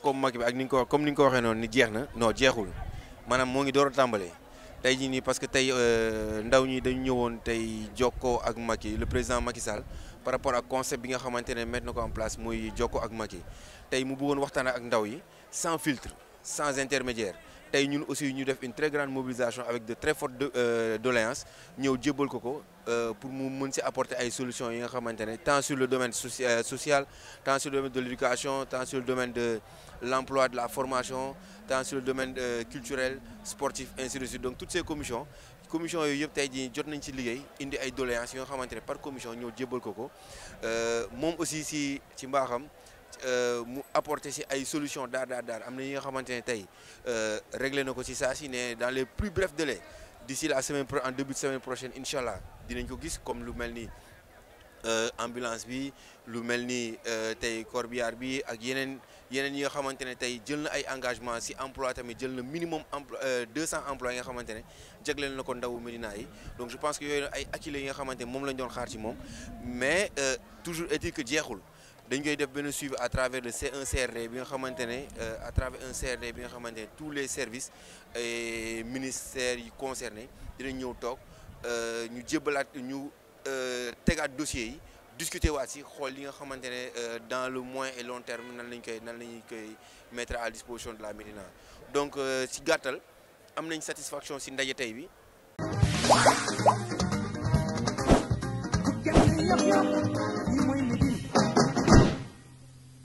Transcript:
comme mag bi ak ni nga ko comme ni nga ko waxee noonu ni jeex na non jeexul maanaam moo ngi door a tàmbalee tey jii nii parce que tey euh, ndaw ñi dañu ñëwoon tey jokkoo ak Macky le président Macky Sall par rapport ak concept bi nga xamante ne mettre na ko en place muy jokkoo ak Macky tey mu bëggoon waxtaan ak ndaw yi sans filtre sans intermédiaire tey ñun aussi ñu def une très grande mobilisation avec de très fortes euh, doléances ñëw jébbal ko ko euh, pour mu mën si apporte ay solutions yi nga xamante ne tant sur le domaine euh, social tant sur le domaine de l'éducation tant sur le domaine de l'emploi de la formation tant sur le domaine culturel sportif ainsi de suite donc toutes ces commissions commission yooyu yëpp tey jii jot nañ ci liggéey indi ay doléances yi nga xamante ne par commission ñëw jébbal ko ko moom aussi si ci mbaaxam Euh, mu apporter si ay solution daar daar daar am na yi nga xamante ne tey euh, réglé na ko si saa si ne dans les plus brefs délais d'ici la semaine en début de semaine prochaine incha allah dinañ ko gis comme lu mel ni euh, ambulance bi lu mel ni tey corbillard bi ak yeneen yeneen yi nga xamante ne tey jël na ay engagement si emploi tamit jël na minimum emploi 200 emplois yi nga xamante ne jagleel na ko ndaw Médina yi donc je pense yooyu ay acquis yi nga xamante ne moom lañ doon xaar ci moom mais toujours est-il jeexul dañ koy def benn suivi à travers le C1 CRD bi nga xamante ne euh, à travers un CRD bi nga xamante ne tous les services et ministères yi concernés dinañ ñëw toog euh, ñu jébbalaat ñu euh, tegaat dossiers yi discuter waat si xool li nga xamante ne dans le moins et long terme nan lañ koy nan lañu koy mettre à disposition de la Médina donc si gàttal am nañ satisfaction si ndaje tey bi